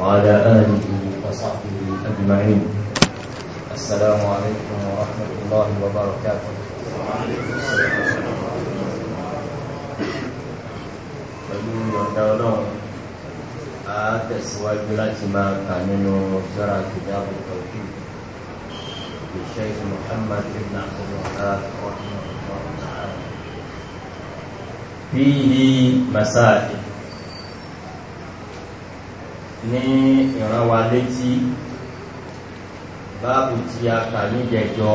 وعلى آله وصحبه أجمعين السلام عليكم ورحمة الله وبركاته pẹ̀lú ìyọ̀ǹda ọlọ́run a tẹ̀síwájú láti máa kà nínú sọ́ra kìdá àbùtọ̀jú الشيخ محمد بن عبد الوهاب رحمه الله تعالى فيه مساجد ní ìran wa létí báàbù tí a kà níjẹjọ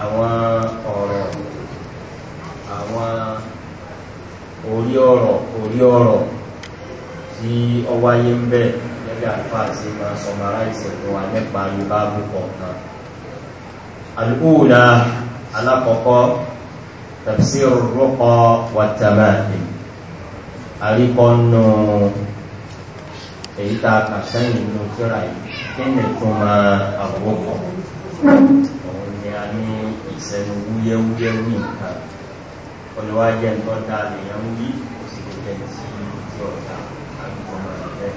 àwọn ọ̀rọ̀ àwọn orí ọ̀rọ̀ orí ọ̀rọ̀ tí ọ wáyé ń bẹ̀ gẹ́gẹ́ àfáà sí máa sọmara ìsẹ̀kùn wa nípa báàbù kọ̀ọ̀kan alúgbòòdá alákọ̀ọ́kọ́ tafsir rọ́kọ̀ wàtàmáàdì àríkọ́nù èyí tá a kà sẹ́yìn nínú fẹ́ra yìí kí ni tó máa àwọ̀kọ̀ òun ni a ní ìsẹ́nu wúyẹ́wúyẹ́ wí nǹkan olùwà jẹ́ nǹkan tá a lè yan wí kò sì lè jẹ́ sí ti ọ̀tá àgbọ̀n máa bẹ́ẹ̀.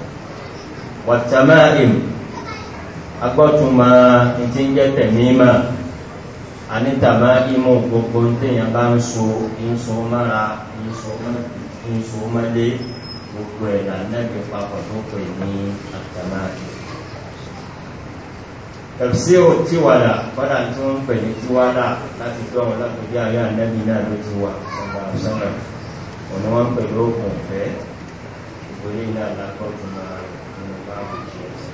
wàtàmá im agbọ́tuma ti ń jẹ́ tẹ̀mímà anítàmá imú gbogbo téèyàn bá ń so ń so gbogbo ẹ̀ là nẹ́bí papọ̀ tó pè ní àtàmáàkì ẹ̀fí ò tíwàdà fọ́dà tí wọ́n ń pè ní tíwàdà láti tó àwọn lápòjú àyà nẹ́bí náà ló ti wà sọ́dà sọ́dà òní wọ́n ń pè ní òkun ọ̀fẹ́ ìgbélé náà lápọ̀ tó máa nínú báàbù kí ẹ̀ sí.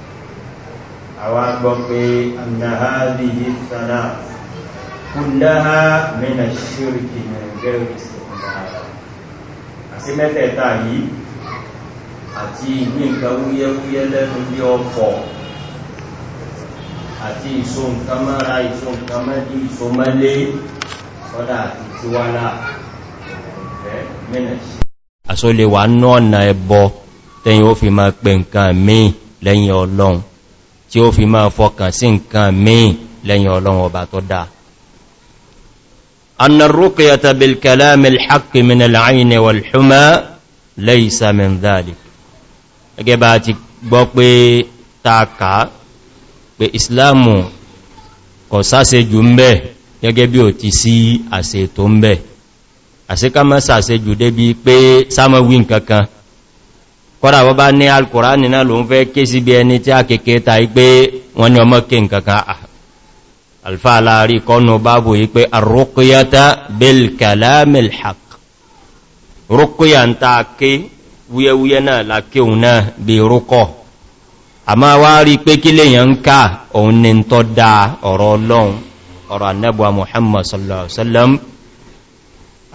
àwa gbọ́ pé àmìnàhá bí yí sára kúndáhá mẹ́nà ṣírí kìnnìún gẹ́rù ìsìnkú náà àti mẹ́tẹ̀ẹ̀ta yìí àti ìmí nǹkan wúyẹ́wúyẹ́ lẹ́nu bí ọkọ̀ àti ìso nǹkan mọ́ra ìso nǹkan mọ́dí ìso mọ́lé kọ́dà àti tíwálà ẹ̀ mẹ́nà sí. àsólè wà ní ọ̀nà ẹbọ tẹ́yìn ó fi máa pẹ nǹkan míì lẹ́yìn ọlọ́run tí ó fi máa fọkàn sí nǹkan míì lẹ́yìn ọlọ́run ọba tó dáa أن الرقية بالكلام الحق من العين والحمى ليس gẹ́gẹ́ bá ti gbọ́ pé taaka pé islamu kọ̀ sáse jù ń bẹ́ gẹ́gẹ́ bí ò ti sí àṣẹ tó ń bẹ́ àṣíká mọ́ sàṣẹ jù débi pé sámọ́wí nkankan kọ́dà wọ́n bá ní alkùránì náà ló ń fẹ́ ké sí bí ẹni tí a kèké ta ipé wọ́n ni ọmọ kí nkankan alfa aláàrí kọ́nù bábò yí pé arúkúyátá bil kalamil haq rúkúyà ń wúyẹ́wúyẹ́ náà lákéhùn náà bí rúkọ̀ àmá wá rí pé kí lè yàn ká òun ni tọ́ da ọ̀rọ̀ ọlọ́run ọ̀rọ̀ annabuwa muhammad sallallahu alaihi wasallam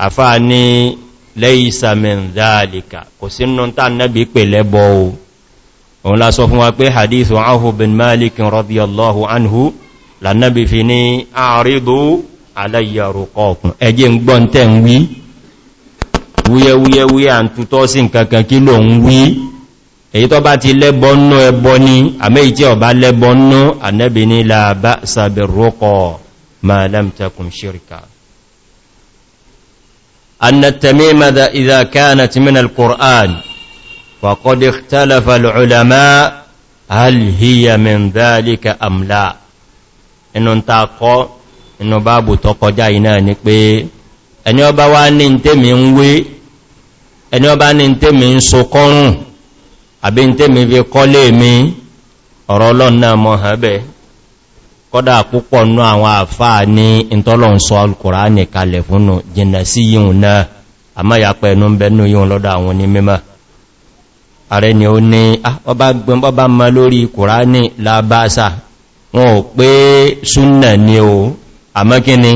afá ní lẹ́yìsà mẹ́ndàlìkà kò sí nùntà annabi pè lẹ́bọ̀ o òun la sọ fún ń gbọ́n tẹ́ ń wí wúyẹ́wúyẹ́wúyẹ́ à ń tutọ́ sí nkankan kí ló ń wí èyí tó bá ti lẹ́bọnú ẹbọ ní àmẹ́yí tí ọba lẹ́bọnú ànẹ́bì ní làbá sàbẹ̀rọ́kọ̀ ma lam takun shirka أن التميمة إذا كانت من القرآن وقد اختلف العلماء هل ẹni ọba wá ní tèmi ń wé ẹni ọba ní tèmi ń so kọrùn àbí tèmi fi kọ́lé mi ọ̀rọ̀ ọlọ́nà mọ̀hábẹ̀ kọ́dà púpọ̀ nú àwọn àfáà ní ìtọ́lọ̀ ń sọ kalẹ̀ fúnnù jìnà sí yíò náà àmá yàpẹ̀ bẹnu yíò lọ́dọ̀ àwọn ní mímọ̀ ààrẹ ni ó ní ah, ọba gbẹm bọ́bá ma lórí wọn ò pé ni ó àmọ́kíní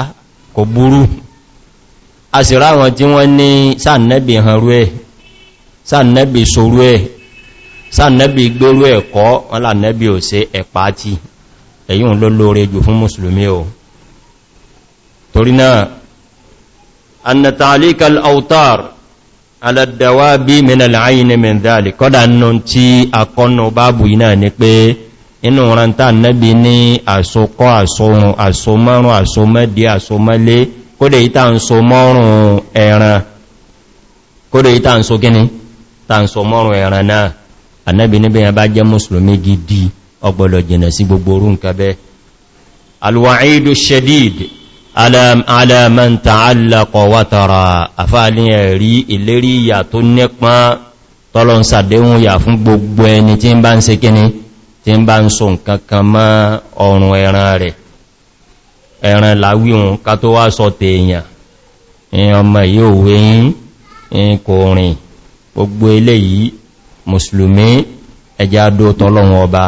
ah, kò a sì ráwọn tí wọ́n ní sáànẹ́bì hanrú ẹ̀ sáànẹ́bì sorú ẹ̀ sáànẹ́bì gbérú ẹ̀kọ́ wọ́n lànẹ́bì ò sí ẹ̀pá tí èyí ń lólóore jù fún musulmi o torí náà annatalikal autar aladawa bí minal aini min dhali kọ́dà nù tí akọ́nù báàbù iná ni pé inú rántà nẹ́bì ní àsokọ́ àsorun àsomọ́rún àsomẹ́dí àsomẹ́lé kódè ìta ń so mọ́rùn ẹ̀ràn kódè ìta ń so gíní ta ń so mọ́rùn ẹ̀ràn náà annabi níbi yẹn bá jẹ́ musulmi gidi ọgbọ̀lọ̀ jìnà sí gbogbo orú nǹkan bẹ́ alwa'idu shadid alaman ta'allaka watara afáàlì ẹ̀rí ìlérí ìyà tó nípa tọ́lọ́n sàdéhùn yà fún gbogbo ẹni tí ń bá ń se kíní tí ń bá ń so nǹkan kan mọ́ ọrùn ẹran rẹ̀ ẹ̀ràn láwíhun ká tó wá sọ tèèyàn ìyàn ọmọ yíò wé yín kò rìn gbogbo eléyìí mùsùlùmí ẹjá dó tọ́lọ́run ọba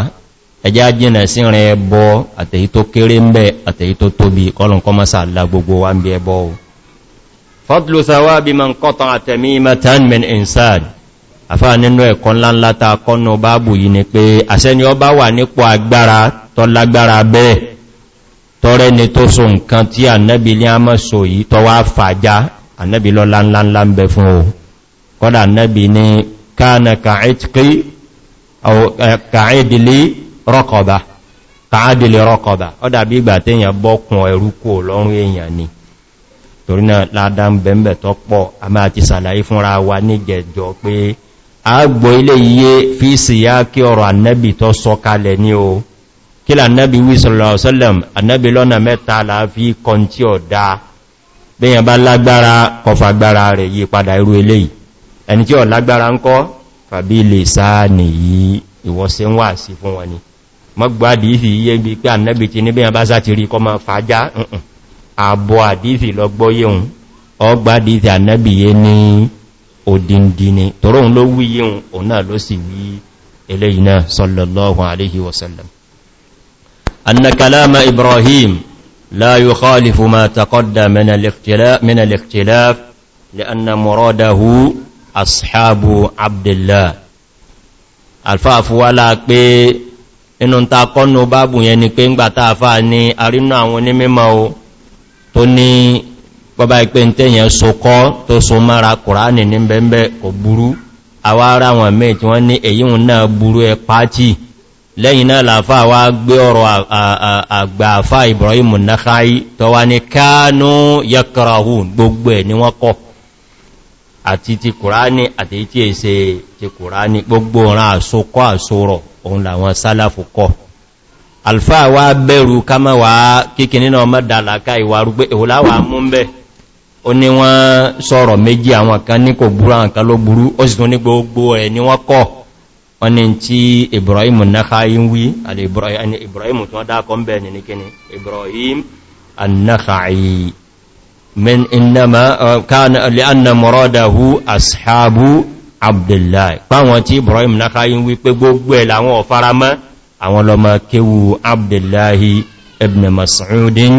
ẹjá jìnà sí rìn ẹbọ àtèyí tó kéré ń bẹ àtèyí tó tóbi kọlùn kọ mọ́sà lá gbogbo wa ń bí ẹbọ o fọ́tlù thawabi man qata tamimatan min insad àfá nínú ẹ̀kọ́ ńláńlá kọ́nà báàbù yìí ni pé àṣẹ́ni ọba wà nípò agbára tọ́lágbára bẹ́ẹ̀ tọ́rẹ ni tó so nǹkan tí ànẹ́bì ní a mọ́ so yìí tọ́ wá fàájá ànẹ́bì lọ láńláńlá ń bẹ fún o kọ́dà ànẹ́bì ní káàna kàáìdìlé rọ́kọ̀bá kàádìlé rọ́kọ̀bá ọ́dà bí ìgbà téèyàn bọ́kùn ẹrúkù lọ́rún èèyàn ni torí náà ládá ń bẹ̀m̀bẹ̀ tọ́ pọ̀ a máa ti sàlàyé fúnra wa ní gẹ̀jọ pé àgbò ilé yíye fíìsì yá kí ọ̀rọ̀ ànẹ́bì tọ́ sọ kalẹ̀ ní o kí là nábi wí sọ̀rọ̀sọ́lẹ̀m annabi lọ́nà mẹ́ta láàfí kan tí ó dá bíyàn bá lágbára kọfàgbára rẹ̀ yí padà irú eléyìí ẹni tí ó lágbára ń kọ́ fàbí lè sáà nìyí ìwọ́sí wà sí fún wọn ni mọ́gbà àdífì yé bí pé annabi ti ní bíyàn bá sá ti rí kọ ma fàájá àbọ̀ àdífì lọ́gbọ́ yíhun ọgbà àdífì annabi yé ní òdìndìní sallallahu alaihi wasallam أن كلام إبراهيم لا يخالف ما تقدم من الاختلاف, من الاختلاف لأن مراده أصحاب عبد الله alfáàfú wá láà pé inú ta kọ́nù báàbù yẹn ni pé ń gbà tààfà ní àrínà àwọn onímọ̀ o tó ní bọ́bá ipé ń tẹ́yẹn so tó so mara kùránì ní bẹ́ẹ̀bẹ́ kò burú àwárá àwọn mẹ́ tí wọ́n ní èyíhun náà burú ẹ pàtí lẹ́yìn náà làfá wá gbé ọ̀rọ̀ àgbà àfá Ibrahim Nakhai tó wá ní kánú yakrahun gbogbo ẹ̀ ni wọ́n kọ́ àti ti kùránì àti tí è ṣe ti kùránì gbogbo ọ̀rán àsokọ́ àsorọ̀ òun làwọn sálàfù kọ́ alfa wá bẹ̀rù kama wá kíkì nínú ọmọ dàlàkà wọ́n ni tí Ibrahim Nakhai ń wí àti Ibrahim tí wọ́n dákọ́ ń bẹ̀ ní kíni Ibrahim Nakhai min innama kana li'anna muradahu ashabu Abdullahi páwọn tí Ibrahim Nakhai ń wí pé gbogbo ẹ̀ láwọn ọ̀faramọ́ àwọn lọmọ kéwu Abdullahi ibn Mas'udin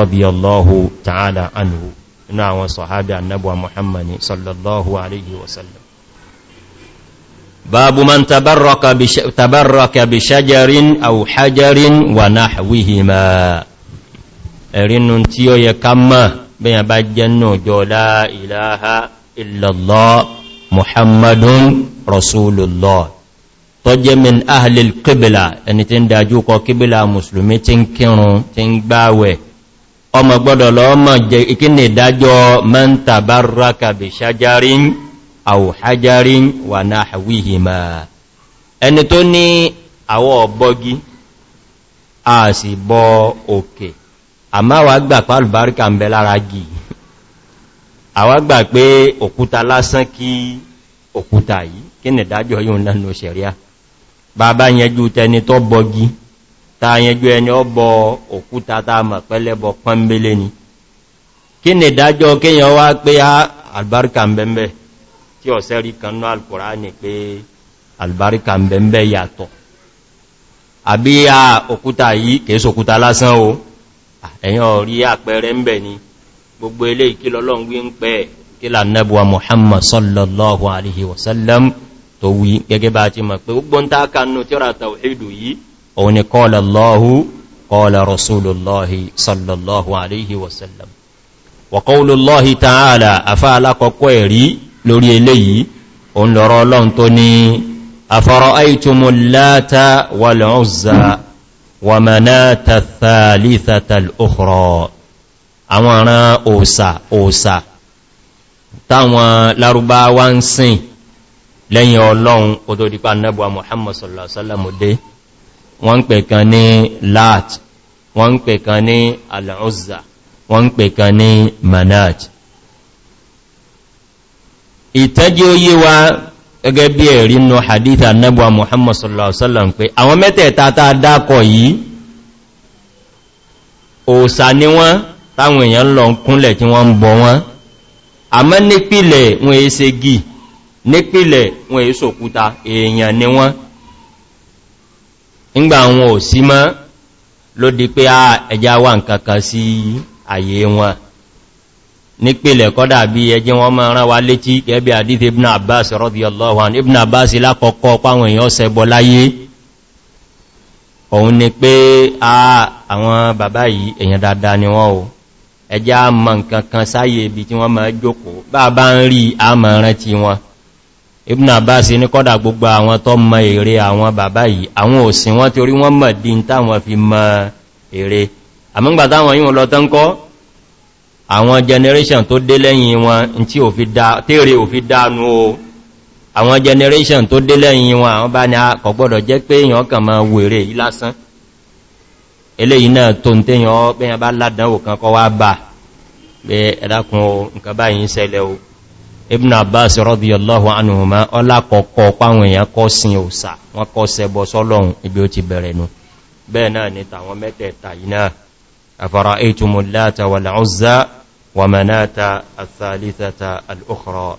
radiyallahu ta'ala anhu inú àwọn sọ̀hábí annabuwa Muhammadi sallallahu alaihi wasallam باب من تبرك, بش... تبرك بشجر أو حجر ونحوهما ẹ̀rínú tí ó yẹ ká mọ́ bí a bá jẹ́nà jọlá ìlàáha ìlàlá muhammadun rasulullah tó jẹ́ min ahlil kíbìlà ẹni tí ń dájú kọ kíbìlà musulmi tí ń kírun tí ń gbáwẹ̀ ọmọ gbọ́dọ̀ lọ́mọ jẹ́ ikini ìdájọ́ mẹ́ntàbárakà bí ṣajarin aw hajarin wa nahwihima ẹni tó ní àwọ̀ ọ̀bọ́gí a sì bọ òkè àmá wa gbà pé alùbáríkà ń bẹ lára gì àwa gbà pé òkúta lásán kí òkúta yìí kí ni dájọ́ yóò lẹ́nu ṣẹ̀ríà bàbá yẹnjú tẹni tó bọ́gí ta yẹnjú ẹni ọ bọ òkúta ta mọ̀ pẹ́lẹ́bọ pọ́nbélé ni kí ni dájọ́ kíyàn wá pé alùbáríkà ah, ń bẹ̀m̀bẹ̀ tí ọ̀sẹ́ rí kanú alkùránì pé albarika ń bẹ̀m̀bẹ̀ yàtọ̀ àbí a òkúta yìí kèé sòkúta lásán o ẹ̀yàn orí àpẹẹrẹ ń bẹ̀ ni gbogbo ilé ìkílọ́lọ́n wí ń pẹ́ kílà nẹ́bùwa Muhammad sallallahu alaihi wasallam tó wí gẹ́gẹ́ bá lórí eléyìí òun lọ́rọ̀ ọlọ́run tó ní afọ́rọ̀ aitumul láta wal uzza wa manata thalithatal ukhra àwọn ọ̀ràn òsà òsà táwọn lárúbáwá ń sìn lẹ́yìn ọlọ́run odòdípa nẹ́bùwa muhammad sallallahu alaihi wasallam dé wọ́n wọ́n ń pè kan ní manat ìtẹ́jí oyiwa yí wa gẹ́gẹ́ bí ẹ̀rí nù hadith annabuwa muhammad sallallahu alaihi wasallam pé àwọn mẹ́tẹ̀ẹ̀ta ta dákọ̀ yìí òòsà ni wọ́n táwọn èèyàn lọ kúnlẹ̀ tí wọ́n ń bọ wọ́n àmọ́ nípìlẹ̀ wọn èé se gì nípìlẹ̀ wọn èé sòkúta ni wọ́n ńgbà wọn ò sí mọ́ ló di pé wà nǹkankan sí wọn nípìlẹ̀ kọ́dà bí ẹjẹ́ wọn máa rán wa létí gẹ́bí àdíth ibn abbas radiyallahu an ibn abbas lákọ̀ọ́kọ́ páwọn èèyàn ṣẹbọ láyé òun ni pé a àwọn bàbá yìí èèyàn dáadáa ni wọ́n o ẹjẹ́ a mọ̀ nǹkan kan sáyé ibi tí wọ́n máa jókòó bàbá ń rí a mọ̀ rántí wọn ibn abbas ní kọ́dà gbogbo àwọn tó mọ èrè àwọn bàbá yìí àwọn òsìn wọn torí wọ́n mọ̀ dín táwọn fi mọ èrè àmúgbàtáwọn yíò àwọn generation tó dé lẹ́yìn wọn tí ò fi dá tèrè ò fi dánú o àwọn generation tó dé lẹ́yìn wọn àwọn bá ní àkọ̀gbọ́dọ̀ jẹ́ pé èyàn kàn máa wèrè lásán eléyìn náà tó ń tẹ́yàn pẹ́yàn bá ládánwò kan kọ́ wá bà pé ẹ̀dàkùn nǹkan o Ibn Abbas radiyallahu ومناة الثالثة الأخرى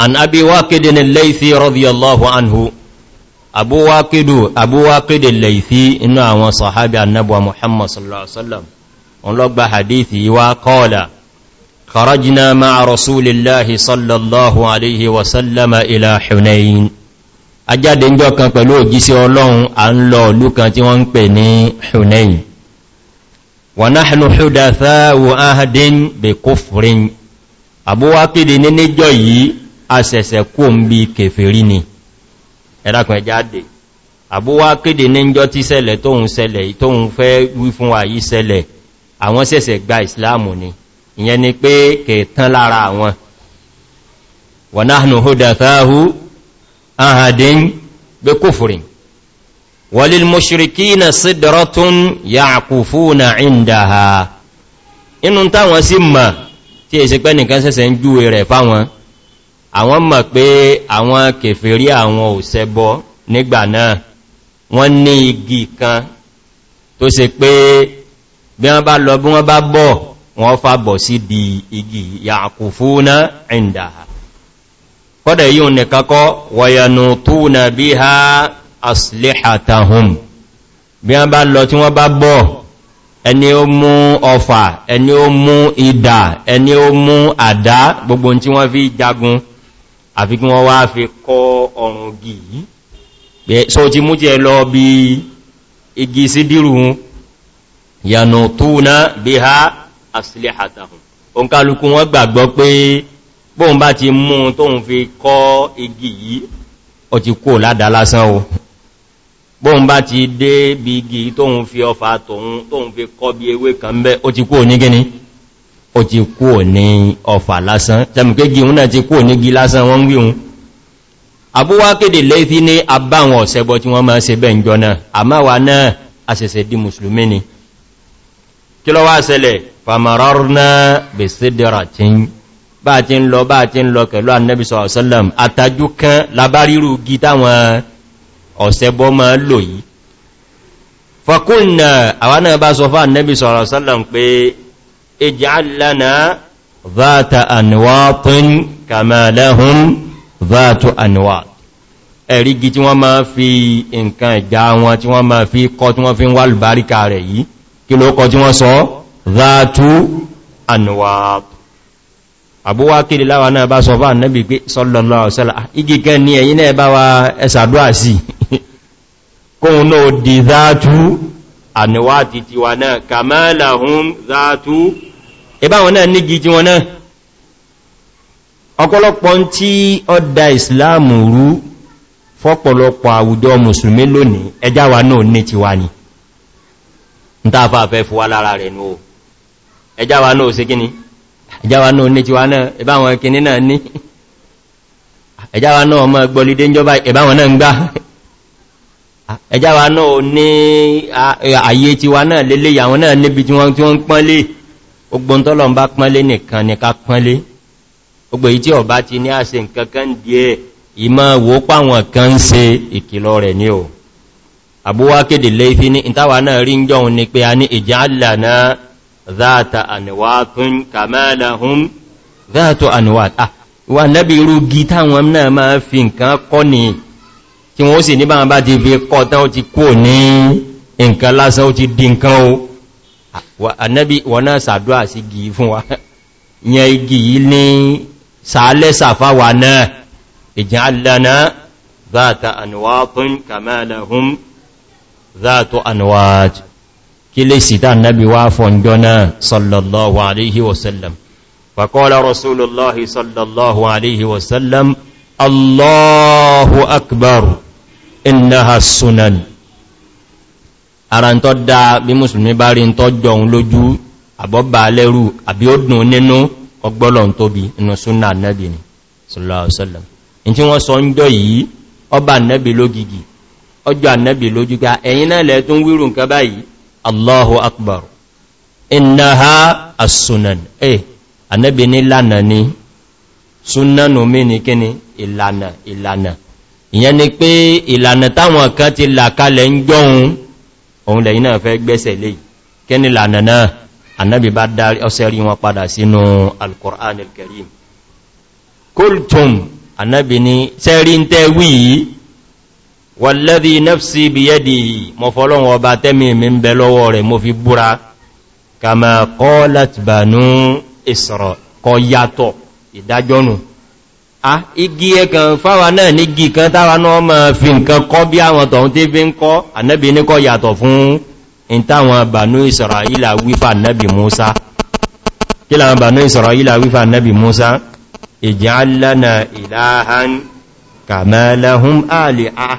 عن أبي واقد الليثي رضي الله عنه أبو واقد أبو واقد الليثي إنه هو صحابي النبوة محمد صلى الله عليه وسلم ونلقب حديثي وقال خرجنا مع رسول الله صلى الله عليه وسلم إلى حنين أجاد إنجوكا قلوه جيسي الله أن لو لوكا تيوان بني حنين wọ̀náhìnú ṣúdáta wọ áhàdín bè kó fúrin àbúwákìdì ní níjọ yìí a sẹ̀sẹ̀ kó ń bí kèfèrí ni ẹ̀dàkùn ẹjáde àbúwákìdì níjọ tí sẹlẹ̀ tóhun sẹlẹ̀ tóhun fẹ́ wí fún wa yìí sẹlẹ̀ àwọn sẹ̀sẹ̀ gba ìsìláàmù ni ìyẹn ni pé kẹtàn lára àwọn wọ̀náhìnú ṣúdáta wọ áhàdín bè kó fúrin walil mushrikina sidratun ya'kufuna indaha inú táwọn sí mọ̀ tí è sí pé nìkan ṣẹ̀ṣẹ̀ ń júwe rẹ̀ fáwọn àwọn mọ̀ pé àwọn kèfèrí àwọn ò ṣẹbọ nígbà náà wọ́n ní igi kan tó ṣe pé bí wọ́n bá lọ bí wọ́n bá bọ̀ wọ́n fàbọ̀ sí di igi ya'kufuna indaha kọ́dẹ̀ yíò nìkan kọ́ wayanutuna biha aslihatahum bí wọ́n bá lọ tí wọ́n bá bọ̀ ẹni ó mú ọfà ẹni ó mú idà ẹni ó mú àdá gbogbo tí wọ́n fi jagun àfi kí wọ́n wá fi kọ́ ọrùn gì so ti mú jẹ lọ bí igi sídìrù yànà túnà bí ha aslihatahum òǹkálukú wọ́n gbàgbọ́ pé bóun bá ti mú tóun fi kọ́ igi yìí ó ti kó ládá lásán o bóhun bá ti dé bí igi tóhun fi ọfà tóhun fi kọ́ bí ewé kan bẹ́ ó ti kúò ní gíní ó ti kúò ní ọfà lásán tẹ́mùkégi hún náà ti kúò ní gí lásán wọ́n wíhun abúwá kéde lẹ́fí ní àbáwọn ọ̀sẹ́bọ tí wọ́n máa ṣe bẹ́ ìjọ náà àmáwà náà àṣẹ̀ṣẹ̀ di mùsùlùmí ni kí lọ wá ṣẹlẹ̀ famararna ọ̀sẹ́bọ́ máa lò yìí fọkúnnà àwọn náà bá sọ fà nẹ́bí sọ̀rọ̀ sọ́lọ̀m pé ij'al lana dhata anwatin kama lahum dhatu anwat ẹ̀rígi tí wọ́n máa fi nǹkan ìjà wọn tí wọ́n máa fi kọ́ tí wọ́n fi ń wà rẹ̀ yìí kí ló kọ́ tí wọ́n sọ dhatu anwat àbúwákìlì láwà náà bá sọ fà nẹ́bì pé sallallahu ah, igi kan ní ẹ̀yìn náà bá wa ẹsàdúwà sí kóhun náà di záàtú àníwá ti ti wà náà kàmẹ́lẹ̀hún záàtú ìbáwọn náà nígi ti wọn náà ọ̀pọ̀lọpọ̀ tí ó da ìsìláàmù rú fọ́pọ̀lọpọ̀ àwùjọ mùsùlùmí lónìí ẹjá wa náà ẹjáwà náà ní tiwa náà ẹbáwọn kìíní náà ní ẹjáwà náà ọmọ gbọlidé ìjọba ẹbáwọn náà ń gbá ẹjáwà náà ní àyè tiwa náà lélé àwọn náà níbi tí wọ́n ń pọ́nlé ogbon tọ́lọ ń bá pọ́nlé nìkan ní ká pọ́nlé ogbò yìí tí ọba ti ní àṣẹ àbúwá kéde lẹ́fí ní ìtawà náà rí ń jọun ni pé a ní ìjà àlànà záàtà àníwàtún kàmálàhún záàtò àníwàtà wà nábi irú gí táwọn náà máa fi nǹkan kọ́ ni tí wọ́n sì níbà bá ti fi kọ́ tán ó ti kó ní nǹkan lásán ó ti di nǹkan o ànábì wọ́n náà sàdúrà sí gí fún wa yẹn igi yìí ní sàálẹ́sà fáwà náà ìjìn alẹ́nà záàtà àníwàtún kàmálàhún záàtò kí lè sìtà nábi wá fọ́njọ́ náà sallallahu alaihi wasallam fàkọ́lá rasulullahi sallallahu alaihi wasallam allahu akbar innaha sunan ara ń tọ́ da bí musulmi bá rí ń tọ́ jọun lójú àbọ́bà lẹ́rù àbí ó dùn nínú ọgbọ́lọ̀ ń tóbi inú súnà nábi ni sallallahu alaihi wasallam in Allahu akbar innaha as-sunan eh Ànábì ní lana ni sunanu mi ni kíni ìlànà ìlànà ìyẹn ni pé ìlànà táwọn kan ti là kalẹ̀ ń jọun òun lẹ́yìn náà fẹ́ gbẹ́sẹ̀ lé kíni lànà náà Ànábì bá darí ọsẹ́ rí wọn padà al-Qur'an karim kultum Ànábì ní sẹ́rí ń tẹ́ wàlẹ́dì nẹ́fsì bí yẹ́dì mọ̀fọ́lọ́wọ́ ọba tẹ́mì mi ń bẹ lọ́wọ́ rẹ̀ mo fi búra kàmà kọ́ láti bà ní ìsọ̀rọ̀ kọ yàtọ̀ ìdájọ́nù a igi ẹkàn fáwà náà ní gí kan táwà náà ma fi nǹkan kọ́ bí àwọn tọ̀hún tí fi ń kọ́ ànẹ́bì ní kọ yàtọ̀ fún in bànú ìsọ̀rọ̀ ìlà wífà nẹ́bì musa kí láwọn bànú ìsọ̀rọ̀ ìlà wífà nẹ́bì musa ìjì alẹ́nà ìlàhán kàmẹ́lẹ́hún àlè ah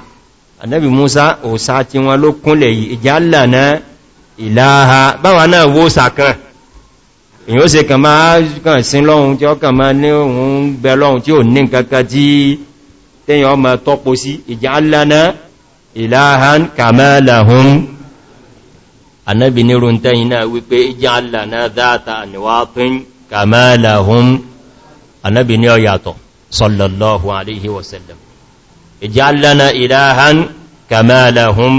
annabi musa òsá tí wọn ló kúnlẹ̀ ìjálà náà ìlàáha báwọn náà wó sàkán èyí ó se kàn máa kàn sí lọ́hun tí ó kàn máa ní òun bẹ lọ́hun tí ó ní kankan tí tẹ́yàn ọmọ tọ́pọ̀ sí ìjálà náà ìlàáhán kàmẹ́lẹ̀hún annabi sallallahu alaihi wasallam ìjálana ìdáhán kàmàlàhún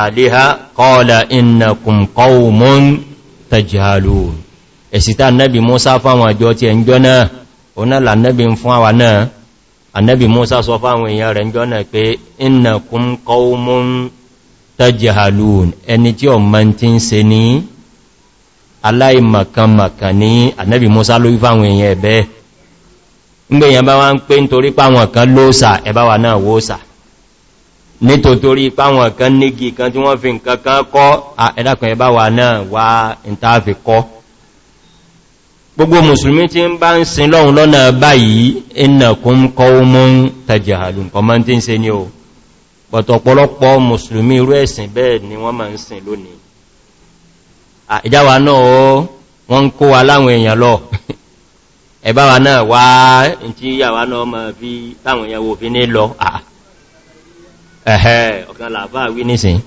àdíhá kọ́ọ̀lá innakum qawmun tajhalun ẹ̀sìta annabi musa fáwọn àjọ ti ẹnjọ́ náà oná lànnabi fún àwà náà annabi musa sọ fáwọn èèyàn rẹ̀ ẹnjọ́ náà pé innakum qawmun tajhalun ẹni tí ọmọ tí ń ṣe ní aláìmọ̀kànmọ̀kàn ńgbẹ̀ yẹn bá wá ń pé nítorí páwọn kan lóòsà ẹbá wà náà wóòsà nítorí páwọn kan nígi kan tí wọ́n fi nǹkan kan kọ́ ẹ̀dàkùn ẹbá wà náà wá ìntàfi kọ́ gbogbo mùsùlùmí tí ń bá ń sin lọ́run lọ́nà báyìí innakum qawmun tajhalun nǹkan mọ́ tí ń ṣe ní o pọ̀tọ̀pọ̀lọpọ̀ mùsùlùmí irú ẹ̀sìn bẹ́ẹ̀ ni wọ́n máa ń sin lónìí ìjáwà náà wọ́n ń kó wa láwọn èèyàn lọ ẹ̀bá wa náà wá tí yàwá náà ma fi táwọn ìyàwó fi ní lọ ẹ̀hẹ́ ọ̀kan làbá wí nìsìn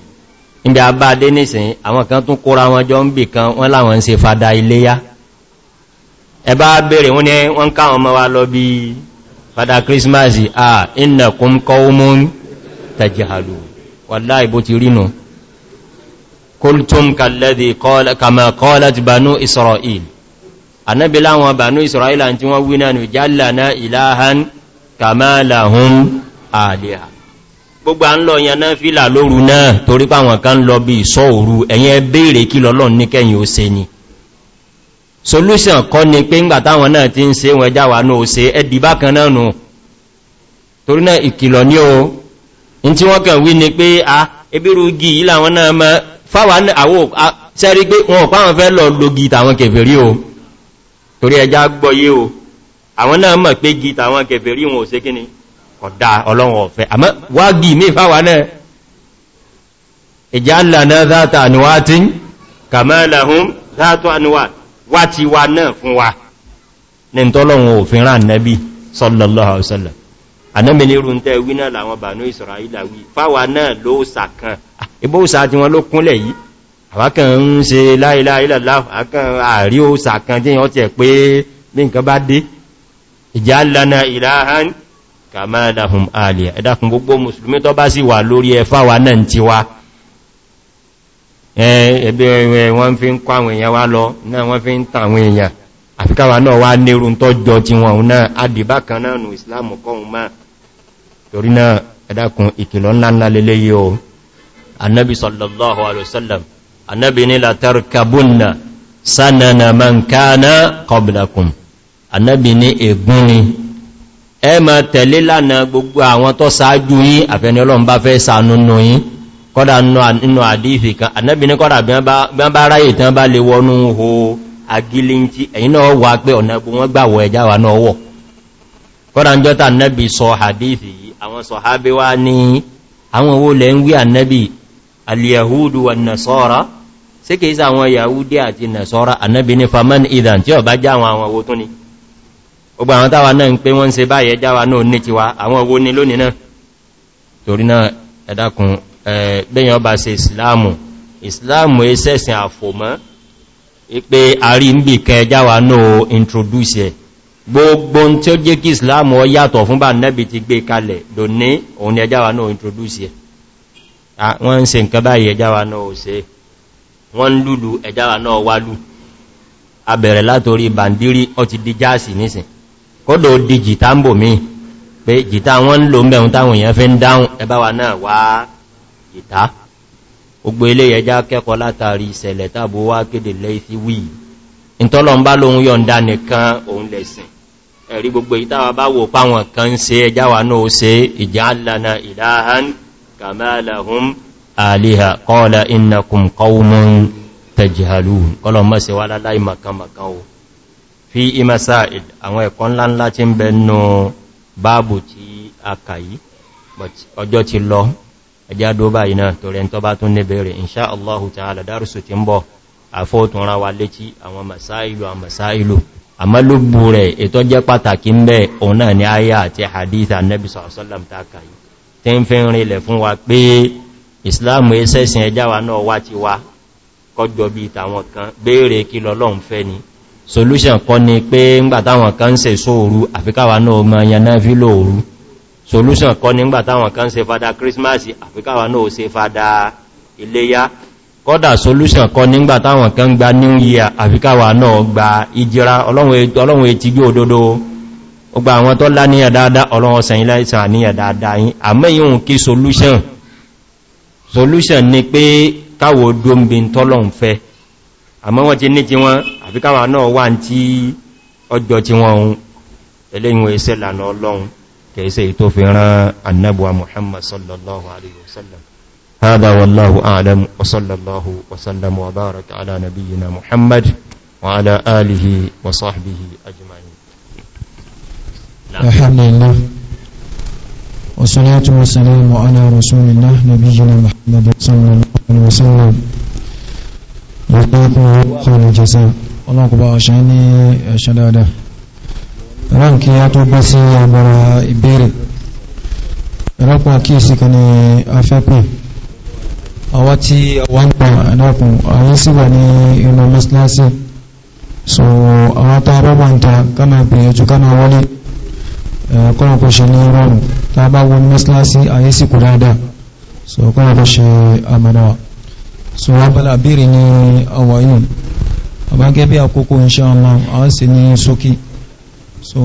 níbi àbá dé nìsìn àwọn kan tún kóra wọn jọ ń bì kan wọ́n láwọn ń ṣe fada iléyá ẹ̀bá bèèrè wọ́n ní wọ́n káwọn ma wá lọ bí fada christmas à innakum qawmun tajhalu wallahi bó ti rínú kama qalat banu isra'il ànábí láwọn bànú ìsìráìlà tí wọ́n wí náà jálà náà ìláhán kàmàlàhún àlèhà gbogbo à ń lọ yẹn náà fílà lóru náà torí pàwọn kan lọ bí ìṣọ́ òru ẹ̀yẹn béèrè kí lọ́lọ́ ní kẹ́yìn ó se ni solution kọ́ ni pé ń gbàtàwọn náà ti ń se wọn ẹjá wà náà ó se ẹdì bákan náà nù torí náà ìkìlọ̀ ní a ebíru gi ìlàwọn náà mọ́ torí ẹjá gbọ́yé o àwọn náà mọ̀ pé gí tàwọn kẹfẹ̀ rí wọn ò sé kíni ọ̀dá ọlọ́run ọ̀fẹ́ àmọ́ wá gì ní ìfáwà náà ìjá lànà záta àníwá tí kàmẹ́lẹ̀hún záta àníwá wá ti wa náà fún wa ní tọ́lọ́run òfin rán nẹ́bí sallallahu alaihi wasallam anẹ́mi ní irun tẹ́ wí náà làwọn bànú ìsọ̀rọ̀ ayílàwí fáwà náà ló sàkàn ìbóòsà tí àwákan ń ṣe láìláìlàlá àkàn àrí ó sàkàn tí yàn tẹ̀ pé ní nǹkan bá dé ìjà lana ìlàhán kàmàdàhùn àlìyà ẹ̀dàkùn gbogbo mùsùlùmí tó bá sì wà lórí ẹfà wa náà ti wá ẹgbẹ́ wọ́n fi ń kọ́ àwọn èèyàn wá lọ náà wọ́n fi ń tàwọn èèyàn àfikáwà náà wá annabi ni la tarkabunna sanana man kana qablakum annabi ni ègún ni ẹ ma tẹ̀lé lánàá gbogbo àwọn tó ṣáájú yín afeni Ọlọ́run bá fẹ́ sanunu yín kódà nínú hadithi kan annabi ni kódà bian ba ráyè tán bá lè wọnú ho agilinti ẹ̀yin náà wà pé ọ̀nà gbogbo wọn gbàwọ̀ ẹja wà náà wọ̀ kódà ń jọta annabi sọ hadithi àwọn sọ̀hábí wá ní àwọn owó lẹ́ ń annabi al-yahudu wa nasara sí kìí sá àwọn yahudi àti nasara annabi ní faman idan tí ó bá já àwọn àwọn owó tó ní gbogbo àwọn táwa náà ń pé wọ́n ṣe báyẹ̀ jáwa náà ní tiwa àwọn owó ní lónìí náà torí náà ẹ dákun bẹ́yàn ọba ṣe ìsìláàmù ìsìláàmù ẹsẹ́sìn àfòmọ́ ipé àrí ń wọ́n ń se nǹkan báyìí náà ò wọ́n ń lùlù ẹjáwà náà wá lù abẹ̀rẹ̀ látorí bàndírí ọ ti di jáàsì nísìn kọ́dọ̀ di jìta ń bò mí pé jìta wọ́n ń lò mẹ́un táwọn èèyàn fi ń dáhùn ẹbáwà náà wá jìta gbogbo ilé ẹjá látàrí ìṣẹ̀lẹ̀ tàbí wá kéde kama lahum aliha qala innakum qaumun tajhalun qala ma se wala lai makan makan o fi imasail àwọn ẹ̀kọ́ ńlá ńlá tí ń bẹ nu babu tí akai but ọjọ́ ti lọ eja do báyìí na to re n tó bá tún ní bere insha Allah ta'ala darusu tí ń bọ̀ afo tún ra wa létí àwọn masailu àwọn masailu àmá lógbò rẹ̀ ètò jẹ́ pàtàkì ń bẹ òun náà ni àyà àti hadith annabi sallallahu alaihi wasallam ta kàyí tí ń fi rinlẹ̀ fún wa pé islam ẹsẹ́sìn ẹjá wa náà wá ti wá kọjọ bí ìtàwọn kan béèrè kí lọ́lọ́un fẹ́ ni solution kọ́ ni pé ngbàtàwọn kan ń se sóòrú àfikáwà náà ma yaná fi lóòrú solution kọ́ ni ngbàtàwọn kan se fada christmas àfikáwà náà se fada iléyá kọ́dà solution kọ́ ni ngbàtàwọn kan gba new year àfikáwà náà gba ìjira ọlọ́run ètí gbé òdodo ọgbà àwọn tó láníyà dáadáa ọlọ́wọ́ sẹ̀yìn láìsàn àníyà dáadáa yìí àmẹ́yìn kí solution solution ni pé káwò dómbi tọ́lọ̀un fẹ́ àmọ́ wọ́n ti ní ti wọ́n àfi káwà náà wà tí ọjọ́ tí wọ́n ohun eléyìnwó هذا والله أعلم وصلى الله وسلم وبارك على نبينا محمد وعلى آله وصحبه أجمعين الحمد لله والصلاة والسلام على رسول الله نبينا محمد صلى الله عليه وسلم وقاكم خير الجزاء الله قبع شعني شدادة رانك يا توبسي يا برا إبيري رانك كيسي كني أفاكم أواتي أوانكم أناكم أعيسي بني إنو مسلاسي so àwọn tàbí wọn ta kánà gbìyànjú kánà wọlé kọ́nà kó ṣe ní rọrùn tá a bá wọ mẹ́sílásí ayé sì kò dáadáa so kọ́nà kó ṣe àmàdáwà so wọ́n bá lábírí ní ọwọ́ inú ọba gẹ́bí àkókò insha Allah àwọn sì ní sókí so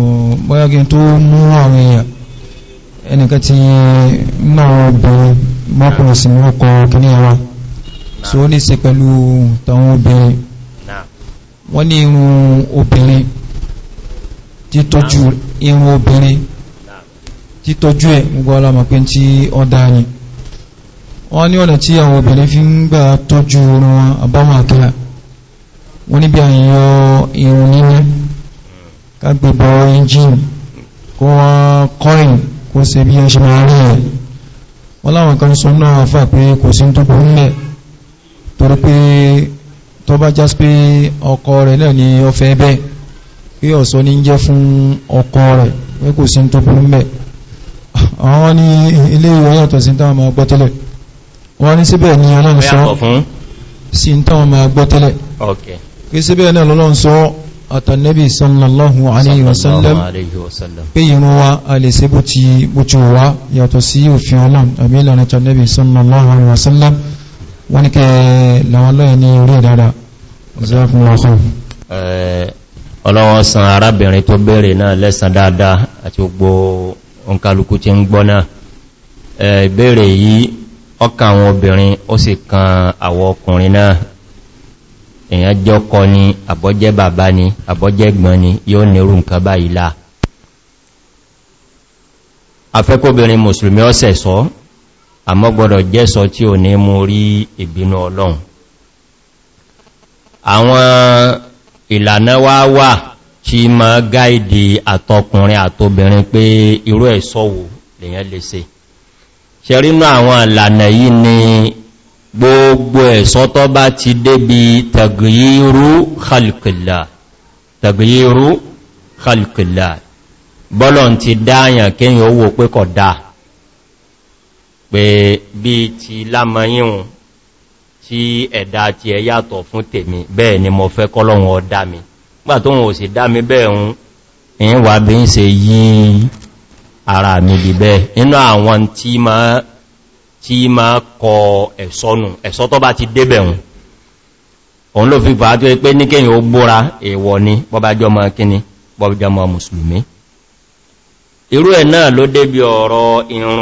bóyá kí n tó mú àwọn èèyàn ẹnìkan ti náà obìnrin so ó ní ṣe pẹ̀lú tàwọn obìnrin títọ́jú irun obìnrin títọ́jú ẹ̀ gbogbo alamọ̀ pé tí ọ dáa ni wọ́n ní ọ̀nà tí àwọn obìnrin fi ń gbà tọ́jú irun wọn àbámọ̀ àkílà wọ́n níbi àyíyọ irun níná kágbébọ̀ engine kó wọ́n kọ́ìn kó ṣe bí ẹṣẹ́ máa rí ẹ̀ wọ́n láwọn kan sọ náà fà pé kò sí tó burú mẹ́ torí pé tó bá jásí pé ọkọ rẹ̀ náà ni ọ fẹ́ bẹ́ẹ̀ pé ọ̀sọ́ ní jẹ́ fún ọkọ rẹ̀ pé kò sí tó fún mẹ́ àwọn ní ilé ìwọ̀ yàtọ̀ sí táwọn máa gbọ́tẹ́lẹ̀ wọ́n ní síbẹ̀ ní ọlọ́run àtànẹ́bì sallallahu alayhi wa sallam pé ìrún wa a lè ṣe bó ti bó ti wá yàtọ̀ sí òfin ọlọ́run àbí ìlànà àtànẹ́bì sallallahu alayhi wa sallam wọ́n ni kẹ́ làwọn lọ́yẹ̀ ní orí ìdára ọ̀sẹ̀ fún ọkọ̀ ọlọ́wọ́ san arábìnrin tó bèèrè náà lẹ́sàn dáadáa àti gbogbo òǹkàlùkù tí ń gbọ́ náà ìbéèrè yìí ọkà àwọn obìnrin ó sì kan àwọ ọkùnrin náà èyàn jẹ́ ọkọ ni àbọ́jẹ́ bàbá ni àbọ́jẹ́ gbọ́n ni yóò nírù nǹkan báyìí láà afẹ́kóbìnrin mùsùlùmí ọ́sẹ̀ sọ àmọ́ gbọ́dọ̀ jẹ́ sọ tí ò ní mú rí ìbínú ọlọ́run àwọn ìlànà wá wà tí ma gáìdì àtọkùnrin àtobìnrin pé irú ẹ̀sọ́wò lèyàn lè ṣe ṣerínú àwọn ìlànà yìí ni gbogbo ẹ̀sọ́ tó bá ti débi tagyiru khalqillah tagyiru khalqillah bọ́lọ̀ ti dáyàn kíyàn owó pé kọ̀ dáa pé bí ti lámọ́yíhun tí ẹ̀dà ti ẹ yàtọ̀ fún tèmi bẹ́ẹ̀ ni mo fẹ́ kọ́lọ́run ó mi gbà tó wọn ò sì dá mi bẹ́ẹ̀ hun wà bí ń ṣe yí ara mi bí bẹ́ẹ̀ inú àwọn tí ma tí ma kọ ẹ̀sọ́nù ẹ̀sọ́ tó bá ti débẹ̀ hun òun ló fi fàájú pé ní kíyàn ó bóra èèwọ̀ ni bọ́bájọ́ ma kíni bọ́bájọ́ ma mùsùlùmí irú ẹ̀ náà ló débi ọ̀rọ̀ irun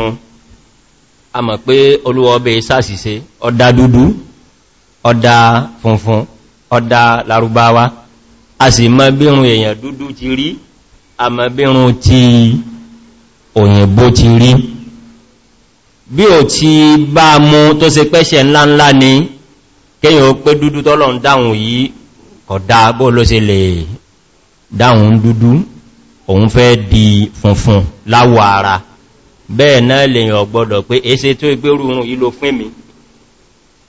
a mọ̀ pé olúwọ́bẹ̀ sásìse ọ̀dá dúdú ọ̀dá funfun ọ̀dá larubawa a sì mọ́ bírun èèyàn dúdú ti rí a mọ́ bírun ti òyìnbó ti rí bí o ti bá mú tó se pẹ́ṣẹ̀ ńláńlá ni kéyàn ó pé dúdú tọ́lọ̀ ń dáhùn yìí ọ̀dá bó ló se lè dáhùn dúdú òun fẹ́ di funfun láwọ̀ ara bẹ́ẹ̀ náà lèyàn ọgbọ́dọ̀ pé èsẹ tó ìgbérù ìlò fún mi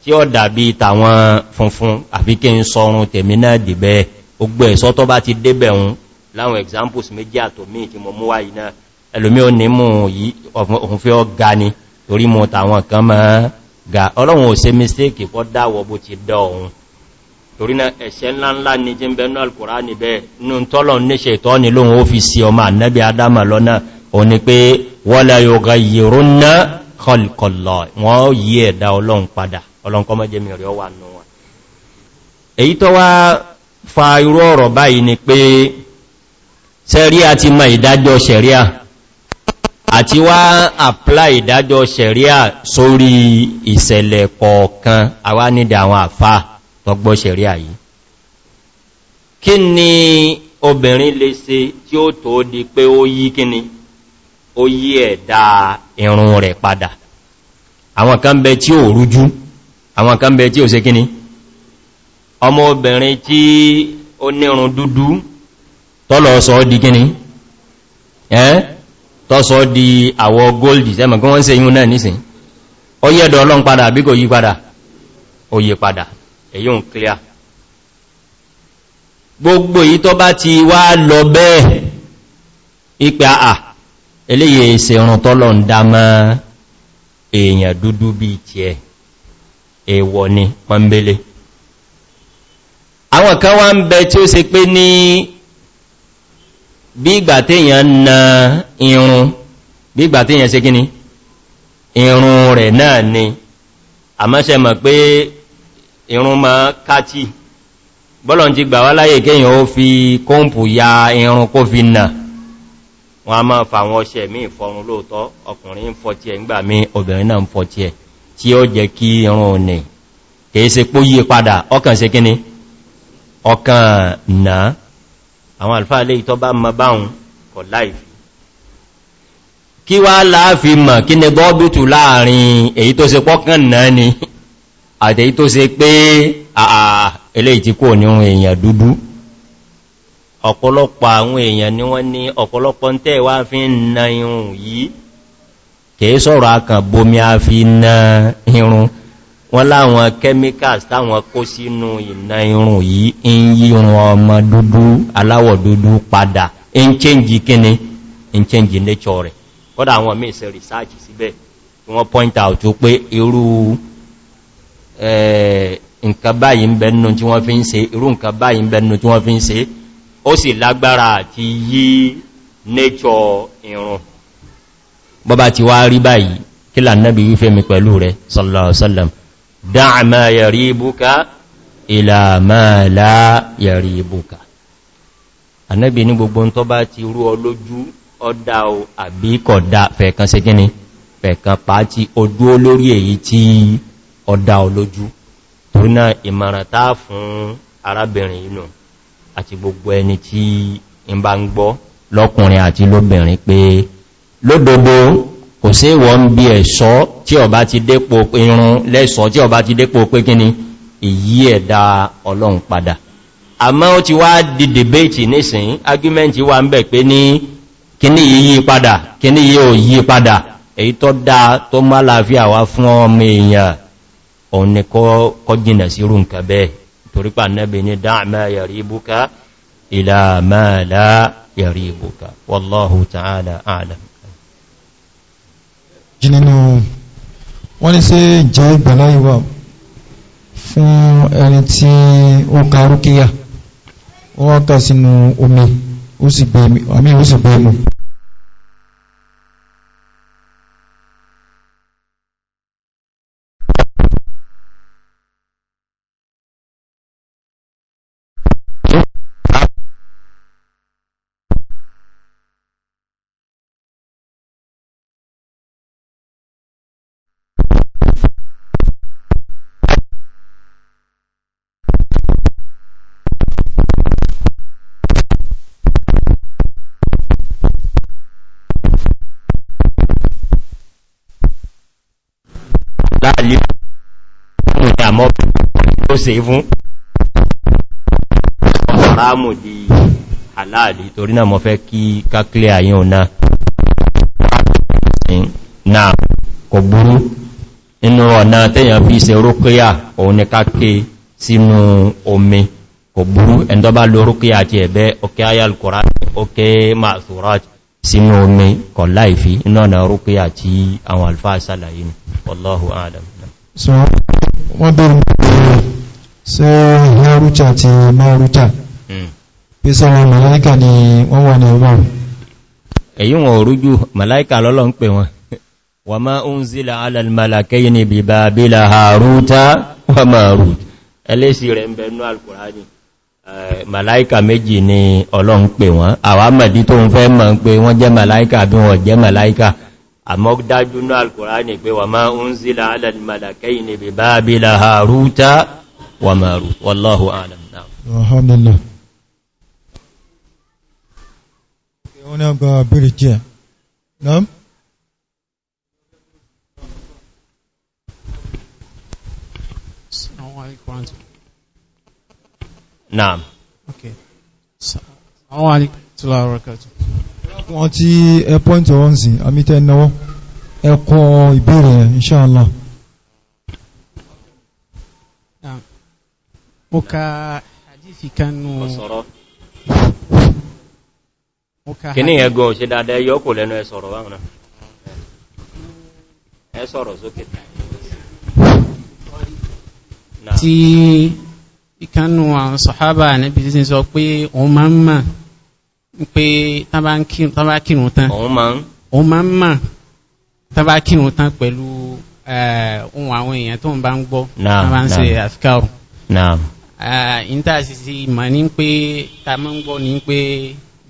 tí ó dàbí tàwọn funfun àfi kí n sọrun tèmi náà dìbẹ̀ ogbò ẹ̀sọ́ tó bá ti débẹ̀ un láwọn examples méjì àtòmí tí mo múwá iná ẹlòmí ò ní mú òun fi ọ ga ni torí mú tàwọn kan mọ́ ga ọlọ́run ò se mistake kọ́ dáwọ bó ti dá ohun torí náà ẹ̀ṣẹ́ ńláńlá ni jí ń wọ́n yí ẹ̀dá ọlọ́run padà ọlọ́nkọ́ mọ́jẹ́mì rẹ̀ wà nù wọn èyí tó wá fa irú ọ̀rọ̀ báyìí ni pé sẹ́ríà ti ma ìdájọ́ sẹ̀ríà àti wá àpílá ìdájọ́ sẹ̀ríà sórí ìṣẹ̀lẹ̀ kọ̀ọ̀kan àwá nídà àwọn àfá tọgbọ́ sẹ̀ríà yìí kí ni obìnrin lè ṣe tí ó tó di pé ó yí kíni ó yí ẹ̀dà irun rẹ̀ padà àwọn kan bẹ tí ò rújú àwọn kan bẹ tí ó ṣe kíní ọmọ obìnrin tí ó nírun dúdú tọ́lọ̀ sọ di kíní ẹ́ tọ́sọ di àwọ̀ gold ẹmọ̀ kí wọ́n ṣe yíò náà nísìn ó yẹ́dọ̀ ọlọ́n padà bí kò yí padà ó yí padà èyí clear gbogbo yí tọ́ bá ti wá lọ bẹ́ẹ̀ ipẹ́ àà eléyìí ṣe rùn ń dá mọ́ èèyàn dúdú bí ti èèwọ̀ ni pọ̀mbélé àwọn kan wá ń bẹ tí ó se pé ní bí ìgbà téèyàn na irun bí ìgbà téèyàn se kíní irun rẹ̀ náà ni àmọ́ṣẹ́ mọ̀ pé irun ma káàkì bọ́lọ̀n ti gbà wá láyé kéèyàn ó fi kóǹpù ya irun kó fi nà wọ́n a máa fà wọn ọṣẹ mí ìfọrun lóòtọ́ ọkùnrin ń fọ́ tí ẹ̀ ń gbà mí obìnrin náà ń fọ́ tí ẹ̀ tí ó jẹ́ kí ìrun òní kìí ṣe pó yí padà ọkàn ṣe kíní ọkàn náà àwọn àlfáà lè tọ́ bá mọ báhùn kọ̀ láìfì kí wá láàfí mọ̀ kí ní bọ́bìtù láàrin èyí tó ṣe pọ́kàn náà ni àti èyí tó ṣe pé àà eléyìí tí kò ní ohun èèyàn dúdú ọ̀pọ̀lọpọ̀ àwọn èèyàn ni wọ́n ní ọ̀pọ̀lọpọ̀ ń tẹ́ wá fi ń na irun yìí kìí sọ̀rọ̀ akàn bomi a fi na irun wọ́n láwọn chemicals táwọn kó sínú ìna irun yìí in yírun ọmọ dúdú aláwọ̀ dúdú padà in change kíni in change nature rẹ̀ kọ́dá àwọn mí ṣe research síbẹ̀ tí wọ́n point out pé irú nǹkan báyìí ń bẹnu tí wọ́n fi ń ṣe irú nǹkan báyìí ń bẹnu tí wọ́n fi ń se. ó sì lágbára àti yí nature irun bọ́bá ti wá rí báyìí kí lànàbí wífẹ́ mi pẹ̀lú rẹ̀ sallallahu alaihi wasallam da'a ma yaribuka ila ma la yaribuka ànàbí ní gbogbo tó bá ti rú ọ lójú ọdá o àbí kọ̀dá fẹ̀ẹ̀kan ṣe gíní fẹ̀ẹ̀kan pàátí ojú olórí èyí tí ọdá ọ lójú lọ́kùnrin àti lóbìnrin pé lódodo kò sí ìwọ̀ ń bí ẹ̀ṣọ́ tí ọba ti dépò irun lẹ́ṣọ́ tí ọba ti dépò pé kíni èyí ẹ̀dà ọlọ́run padà àmá ó ti wá di debate nísìn argumenti wà ń bẹ̀ pé ní kíní yìí padà kíní yìí ò yí padà èyí tó dá tó má láàáfíà wá fún ọmọ èèyàn òun ni kọ́ jìnà sí rú nǹkan bẹ́ẹ̀ torípa nẹ́bẹ̀ ní dáàmà yàrí ibùka ìlàmà yàrí ibùka wallahu ta'ala a'lam jí nínú wọ́n ní ṣé jẹ́ ìgbàlá ìwà fún ẹni tí ó ka rúkíyà ó wọ́n tọ̀ sínú omi ó sì gbẹ̀mù mọ́ tó se fún ọ̀ráàmù di aláàlì torí náà mọ́ fẹ́ kí káklẹ̀ àyín ọ̀nà na kò burú inú ọ̀nà tẹ́yàn fi se rókíyà òun ni káké sínú omi kò burú ẹ̀ndọ́ bá lo rókíyà àti ẹ̀bẹ́ ọkẹ́ ayalkùnrán ọkẹ́ ma'asurat sínú omi kọ̀ láìfí inú ọ̀nà rókíyà àti àwọn alfáà sálàyé ni so wọ́n bèèrè pẹ̀lú sí harúta àti maruta hmm. pé sáwọn màláíkà ni wọ́n wà ní ọmọ èyí wọn òrújú màláíkà lọ́lọ́ ń pè wọn wà máa ń zílà alàlmàlàkẹ́yìn ni bí bàbílà harúta wà maruta ẹlẹ́sì rẹ̀ ń bẹnú alkùránì màláíkà méjì ni ọlọ́ ń pè wọn àwámàdí tó ń fẹ́ mọ̀ ń pé wọ́n jẹ́ màláíkà bí àmọ́dájú náà alkùránì pé wà máa ń zílá alàlmàlàkai ni bí bá bí láharúta wà márù wallahu alam náà alhamdulillah wọ́n náà gba bèèrè jẹ́ náà Naam. Okay. Assalamu alaikum warahmatullahi wabarakatuh. wọn tí ẹ pọ́ǹtì ọ̀hún sí àmìtẹ́ náwó ẹ kọ ìbéèrè inṣáàlá mo ka àdífì kanú kìní ẹgbọ́n ṣe dáadáa yọ́ kò lẹ́nu ẹ sọ̀rọ̀ wáhùn náà ẹ àwọn sọ̀hábà nẹ́bí sọ pé òun máa ń máa pé tánbá kírun tán òun máa ń mà tánbá kírun tán pẹ̀lú eh, ohun àwọn èèyàn tó ń bá ń gbọ́ tánbá ń ṣe àfikáàrù ìntàṣìṣì mà ní pé ta mọ́ ń gbọ́ ní pé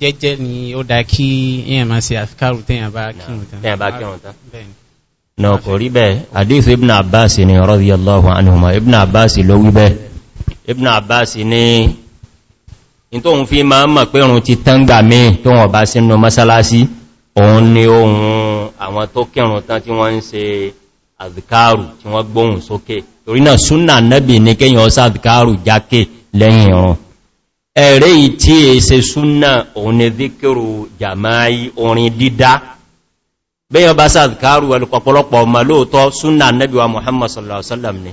jẹ́jẹ́ ni ó dá kí èèyàn máa ṣe àfikáàrù téèyàn bá kírun tán náà kò rí bẹ́ẹ̀ ibn abbas ni radiyallahu ibn abbas ló wí ibn abbas ni in tó ń fi ma ń mọ̀ pé rùn ti tángbà mí tó wọ́n bá sínú masalasi òun ni ohun àwọn tó kírùn tán tí wọ́n ń se azikaru tí wọ́n gbóhùn sókè torí náà súnà nẹ́bì ní kíyàn ọsá azikaru jákè lẹ́yìn ọ̀run ẹ̀rẹ́ yìí tí è se súnà òun ni zikiru jamai orin dídá bẹ́yàn azikaru ẹlùpọ̀pọ̀lọpọ̀ ọmọ lóòtọ́ súnà wa muhammad sallallahu alaihi wasallam ni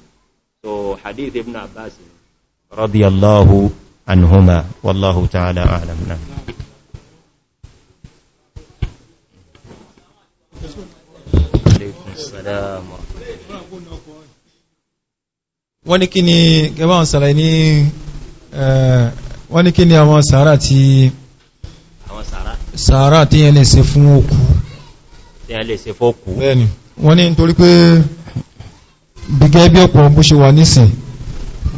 so hadith ibn abbas radiyallahu anhuma wallahu ta'ala a'lam wọ́n ni gẹ́bà ń ní wọ́n ní kí ni àwọn sàárà tí sàárà tí yẹn lè ṣe fún òkú wọ́n ní nítorí pé gẹ́gẹ́ bí ọ̀pọ̀ bó ṣe wà nísìn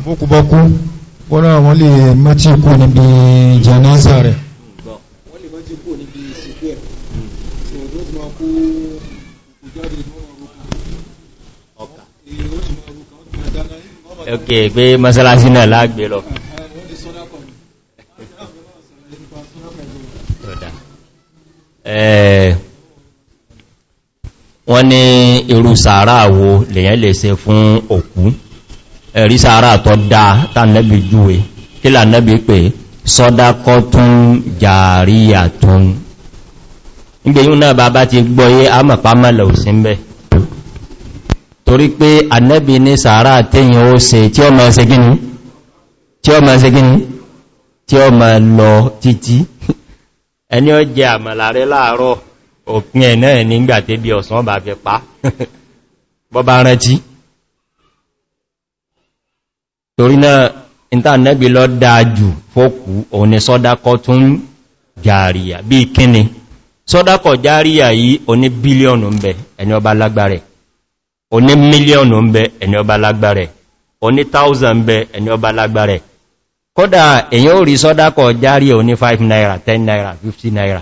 bókúbọ́kú wọ́n náà wọ́n lè mọ́tí kú níbi jẹ̀náza rẹ̀ ok pé mọ́sálásí náà lágbé lọ ẹ̀ẹ́ wọ́n ní irú sàárà wo lèyàn lè ṣe fún òkú ẹ̀rí sàárà tọ́ dá tánẹ́bì júwe kí lànẹ́bì pé sọ́dákọ́ tún jàríyà tún nígbèyún náà bàbá ti gbọ́yé àmàpá mẹ́lẹ̀ ò sí mẹ́ torí pé ànẹ́bì ní sàárà tẹ́yìn ó ṣe tí ó máa ṣe gíní tí ó máa lọ títí ẹni ó jẹ àmàlà rẹ láàárọ̀ òpin ẹ̀ náà nígbàtẹ́ bí ọ̀sán bá fẹ́ pa bọ́bá rántí torí náà ìntànẹ́bí lọ dáájù fókù òun ni sọ́dákọ́ tún jàríyà bí kíni sọ́dákọ̀ jàríyà yìí oní bílíọ̀nù ń bẹ ẹni ọba lágbàrẹ̀ oní mílíọ̀nù ń bẹ ẹni ọba lágbàrẹ̀ oní táùsàn bẹ ẹni ọba lágbàrẹ̀ kódà èyàn ò rí sọ́dákọ̀ jàríyà oní 5 naira 10 naira 50 naira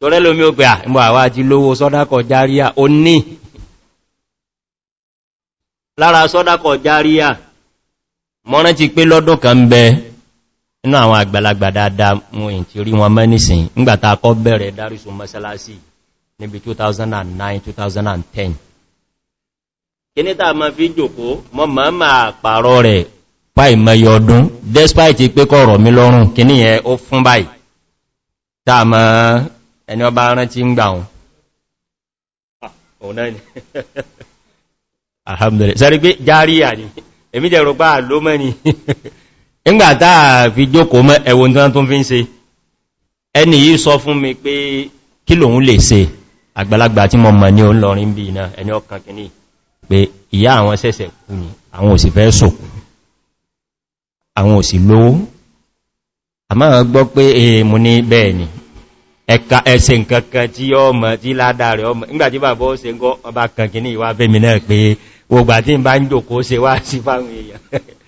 torẹ́ lómi ó pé à mọ́ àwá àti lówó sọ́dákọ̀ járíà ó ní lára sọ́dákọ̀ járíà mọ́rán ti pé lọ́dún kan bẹ inú àwọn àgbàlagbà dáadáa mú èyí tí rí wọn mẹ́nìsìn nígbàtà akọ́ bẹ̀rẹ̀ dárísù mọ́sálásì níbi 2009-2010 kíní tàà ma fi jòkó mọ́ máa máa pààrọ rẹ̀ páìmọ̀yọ ọdún despite pé kọ̀rọ̀ mi lọ́rùn kíní yẹn ó fún báyìí tàà máa ẹni ọba rántí ń gbà ohun ah, alhamdulillah sẹ́rí pé járíyà ni èmi jẹ́ rọgbà ló mẹ́ni ìgbàtà fi jókòó mẹ́ ẹ̀wọ̀n tí wọ́n tún fi ń se ẹni yìí sọ fún mi pé kí lòun lè se àgbàlagbà tí mọ̀ mọ̀ ní olórin bí iná ẹni ọkàn kìíní pé ìyá àwọn sẹ́sẹ̀ kú ni àwọn òsì fẹ́ sòkú àwọn òsì lówó àmáà gbọ́ pé èèmù ní bẹ́ẹ̀ ni ẹ̀ka ẹ̀ṣẹ̀ nkankan tí ó mọ̀ tí ládá rẹ̀ ọmọ ìgbàtí bàbá ó se ń gọ́ ọba kankan ní ìwà bẹ́mi náà pé gbogbo tí ń bá ń jòkó se wá sí fáwọn èèyàn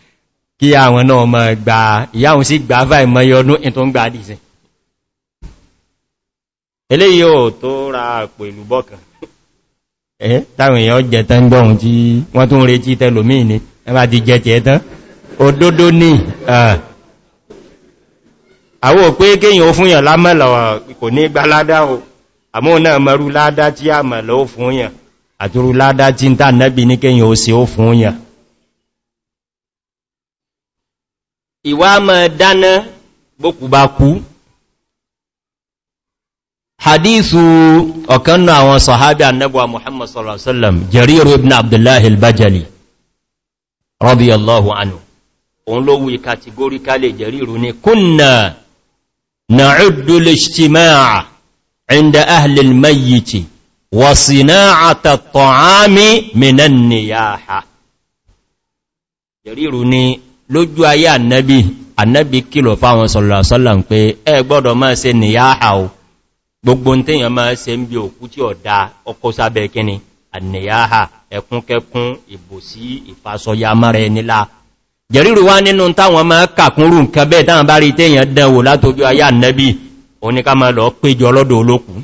kí àwọn náà mọ̀ gbà ìyáhùn sí gbà fà ìmọ̀yẹ ọdún gbà dìsẹ̀ eléyìí ò tó àwọ́ pé kéyìn ó fún yàn lámọ́lọ̀ kò ní gbá ládá o àmọ́ náà mọ̀rú ládá tí a mọ̀lọ̀ ó fún yàn àtúrú ládá tí ń tà ní kéyìn ó sì ó fún ìwá mọ̀ dáná bókù hadithu ọ̀kannu àwọn sahabi annabuwa muhammad sallallahu alaihi wasallam jariru ibn abdullahi al-bajali radiyallahu anhu òun ló wí kàtìgórí kálẹ̀ jẹ̀ríru نعد الاجتماع عند أهل الميت وصناعة الطعام من النياحة jẹ̀ríru ni lójú ayé annabi annabi kìlọ̀ fáwọn sọ̀lọ̀sọ́lọ̀ ń pé ẹ gbọ́dọ̀ máa ṣe nìyáhà o gbogbo ń tèyàn máa ṣe ń bí òkú tí ọ̀dá ọkọ́ sábẹ̀ kíni àníyáhà ẹkúnkẹkún ìbòsí ìfàsọyà mara ẹnilá jẹ̀rìrù wá nínú táwọn máa kàkúnrù nǹkan bẹ́ẹ̀ táwọn bá rí téèyàn dánwò látójú ayá nẹ́bí oníká máa lọ péjọ ọlọ́dọ̀ olókùn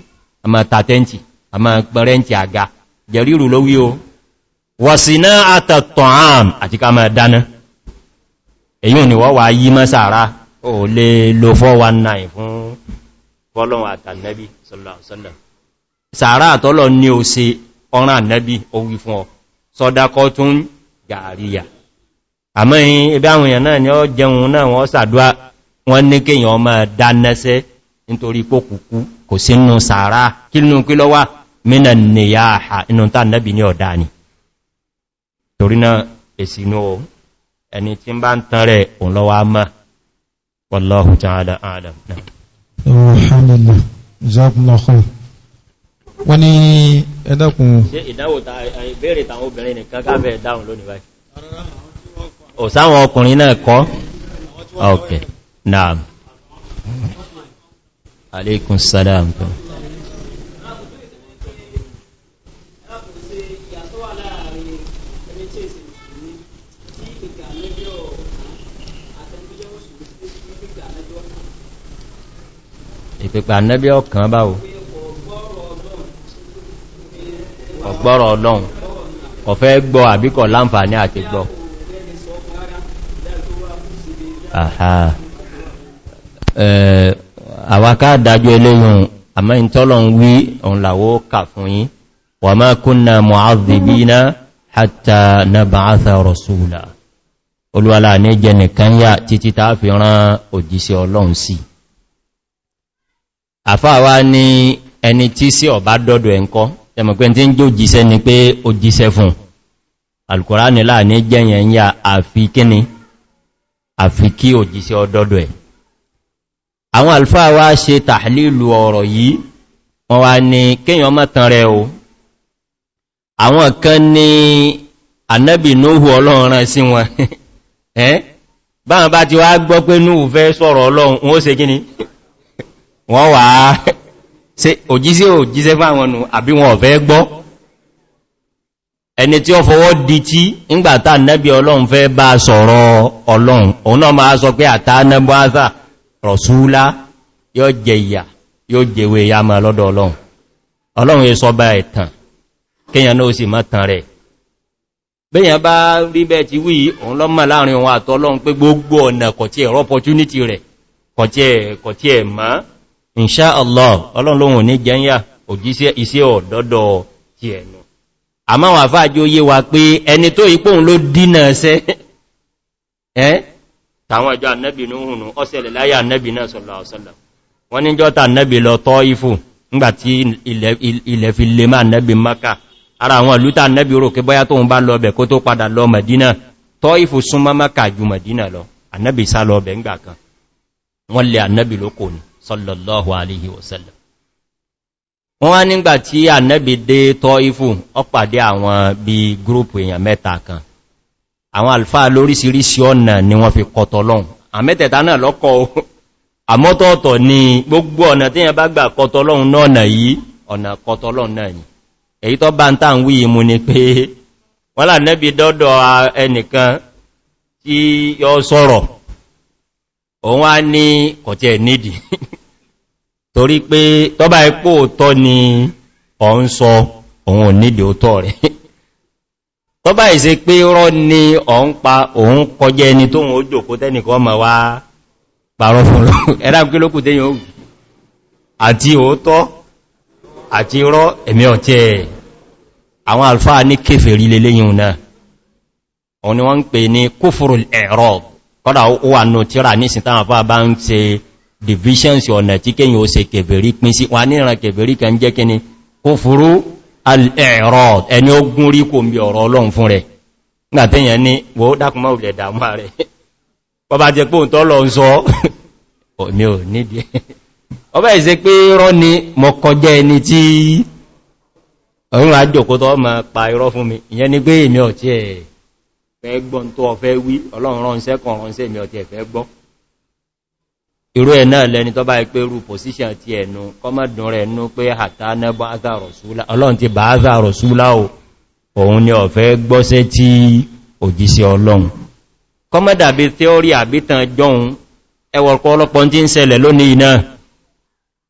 a máa tàtẹ́ntì a máa pẹ̀rẹ́ntì àga jẹ̀rìrù ló wí o wọ̀síná àtàtàn àm àti ká máa dáná èyí ò ní wọ́n wá yí mọ́ sàárá ò lè àmọ́ ibi àwọn èèyàn náà ni ó jẹun náà wọ́n sàdúwà wọ́n ní kíyàn ọmọ dánẹsẹ́ nítorí pó kùkú kò sí nù sàárá kí nù kí lọ́wà mínà nìyà àhà inú tà nẹ́bì ní ọ̀dá ni torí náà èsì inú ẹni tí ń bá ń tán rẹ̀ adam wọ́n ò sáwọn ọkùnrin náà kọ́ ok naam alaikun salam tó ìpìpà nẹ́bí ọkàn báwo ọ̀gbọ́rọ̀ ọlọ́run ọ̀fẹ́ gbọ́ àbíkọ̀ láǹfà ní àti gbọ́ àhá àwáká dájú eléyìn àmá ìtọ́lọ̀ ń wí ọ̀nlàwó kà fún yí wà máa kúnnà mọ̀ázìbínà hàtà na bàáta rọ̀súlà olúwàlá ní jẹ nìkan yà títí ta fi rán òjíṣẹ́ ọlọ́run sí àfáàwá ní ẹni tí sí ọ̀bá dọ́dọ̀ ẹ̀ńkọ́ tẹmọ̀pẹ́ tí ń jò jíṣẹ́ ni pé ó fún alkùránì ní jẹ́yẹn yà àfi àfi kí òjíṣẹ́ ọdọ́dọ̀ ẹ̀ àwọn alfáà wá ṣe tàhlìlù ọ̀rọ̀ yìí wọ́n wá ní kíyàn mọ́tàn rẹ̀ o àwọn kan ní ànábì nóhù ọlọ́run sí wọn ẹ́ báwọn bá ti wá gbọ́ pé núhù fẹ́ sọ̀rọ̀ ọlọ́run wọ́n ṣe ẹni tí ó fọwọ́ di tí ńgbàtà nẹ́bí ọlọ́run fẹ́ bá sọ̀rọ̀ ọlọ́run òun náà máa sọ pé àtà nẹ́bọ́áza rọ̀súlá yóò jẹ ìyà yóò ya máa lọ́dọ̀ ọlọ́run ọlọ́run yóò sọ ẹ̀tàn kíyàn náà sì rẹ̀ bẹ́yàn bá rí bẹ́ ti wí òun pé gbogbo ọ̀nà ẹ̀rọ rẹ̀ ẹ̀ mọ́ ọlọ́run lóhun ní jẹ́yà ọ̀dọ́dọ̀ ti a àmá wà fàájú oyé wa pé ẹni tó ipòun ló dínà ẹsẹ́ ẹ́ tàwọn ẹjọ́ annabi ní hùnù ọ́sẹ̀lẹ̀ láyé annabi náà sọ̀lọ̀ ọ̀sọ̀lọ̀ wọ́n ní jọta annabi lọ tọ́ ifò nígbàtí ilẹ̀ fi lè máa annabi maka ara àwọn ìlú tàà annabi rò kí bọ́yá tó ń bá lọ bẹ̀ kó tó padà lọ mẹ̀dínà tọ́ ifò súnmọ́ maka ju mẹ̀dínà lọ annabi sá lọ bẹ̀ ńgbà kan wọ́n lè annabi lókò ni, sọ̀lọ̀lọ́hu alaihi wasallam wọ́n wá nígbà tí ànẹ́bì dé tọ́ ifù ọpàdé àwọn bí gúrùpù èèyàn mẹ́ta kan àwọn alfa lóríṣiríṣi ọ̀nà ni wọ́n fi kọtọ̀ lọ́un àmẹ́tẹ̀ta náà lọ́kọ̀ àmọ́tọ̀ọ̀tọ̀ ni gbogbo ọ̀nà tí yẹn bá gbà kọtọ̀ lọ́un náà yìí ọ̀nà kọtọ̀ lọ́un náà yìí èyí tó bá ń tàn wí mú ni pé wọ́n là nẹ́bí dọ́dọ̀ torí pé tọ́bá ipò tọ́ ni ọ̀n sọ òun nídi òtọ́ rẹ̀ tọ́bá ìse pé rọ́ ni ọ̀n pa òun kọjẹ́ ẹni tó wọ́n jòkó tẹ́nìkan ma wá pàrọ fún lọ ẹ̀rá kí ló kù tẹ́yìn ogun àti òótọ́ àti rọ́ ẹ̀mí ọ̀tí àwọn alfáà ní kéfèrí lélẹ́yìn ni wọ́n ń divisions ọ̀nà tí kéyìn ó se kèbèrí pín sí wà níran kèbèrí kan jẹ́ kíni kó fúrú al'ẹ̀rọ ẹni ó gún rí kò mbí ọ̀rọ̀ ọlọ́run fún rẹ̀ nígbàtíyàn ní wọ́n ma pa irọ́ fún mi ìyẹn ni pé èmi ọ̀tí ẹ̀ tó ọ̀fẹ́ wí ọlọ́run ránṣẹ́ kan ránṣẹ́ mi ọ̀tí gbọ́n irú ẹ̀ náà lẹni tó bá ipé rú pòsíṣàn ti ẹnu kọmọ̀dún rẹ̀ nú pé àtà nẹ́bọ́ ọlọ́run ti bàázà rọ̀súlá ò òun ni ọ̀fẹ́ gbọ́sẹ́ tí òjíṣẹ́ ọlọ́run kọmọ̀dàbí theory àbítan jọun ẹwọ̀pọ̀ ọlọ́pọ̀ tí ń ṣẹlẹ̀ lónìí náà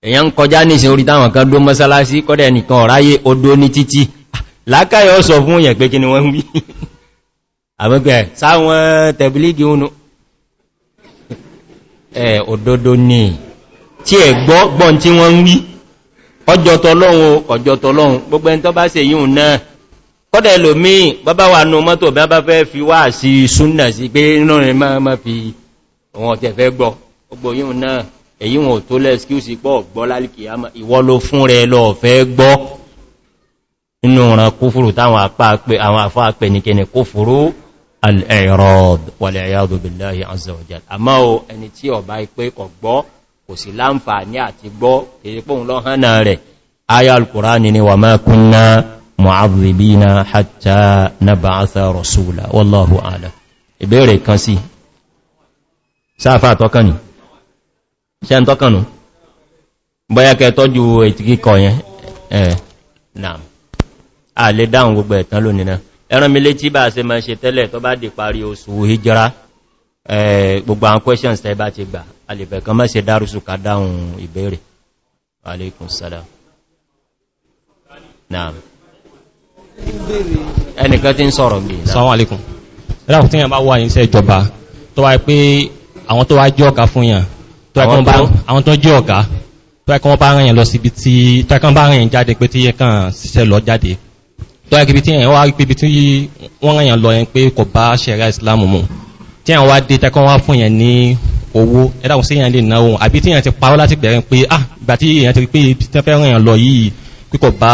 èyàn ń kọjá ní ìṣẹ́ orí táwọn kan dó mọ́sálásí kọ́dẹ̀ nìkan ọ̀ráyé odó ní títí lákàyọ́ sọ fún ẹ̀ òdòdó ní tí ẹ̀ gbọ́ gbọ́n tí wọ́n ń wí ọjọ́tọ̀lọ́run ọjọ́tọ̀lọ́run gbogbo ẹni tó bá se yíò náà kọ́dẹ̀ lòmí bàbá wà nù mọ́tò bí a bá fẹ́ fi wá sí súnà sí pé inú rẹ̀ máa má fi wọn ọ̀tẹ̀ fẹ́ gbọ́ gbogbo yíò náà èyí wọn al-i'rad wal-i'yadu billahi azza wa jalla àmọ́ o ẹni tí ó bá ipé kò gbọ́ kò sí láǹfààní àti gbọ́ kèrèpóhun lọ́hánà rẹ̀ aya al-Qur'ani ni wa ma kunna mu'adhibina hatta nab'atha rasula wallahu a'lam ìbéèrè kan sí sáfà tọ́kànnì ṣe ń tọ́kànnù bọ́yá ẹran mi létí bá ṣe máa ṣe tẹ́lẹ̀ tó bá di parí oṣù hijira gbogbo àwọn questions tẹ́ bá ti gbà alìfẹ́ kan mọ́ ṣe dárúsù ká dáhùn ìbéèrè alaikun salam naam ẹnìkan tí ń sọ̀rọ̀ bí i sọ́wọ́n alaikun ẹlàkùn tí yàn bá wà ní iṣẹ́ ìjọba tó wá pé àwọn tó yá kí bí tí ẹ̀yàn wá rí pé bí tí wọ́n rẹ̀yàn lọ yẹn pé kò bá ṣẹ̀rá ìsìlámù mú tí ẹ̀yàn wá dé tẹ́kọ́ wá fún yẹn ní owó ẹ̀dàkùn sí yẹn lè náà ohun àbí tí yẹn ti parọ́ láti bẹ̀rẹ̀ pé ah ìgbà tí èyàn ti rí pé tí fẹ́ rẹ̀yàn lọ yìí pé kò bá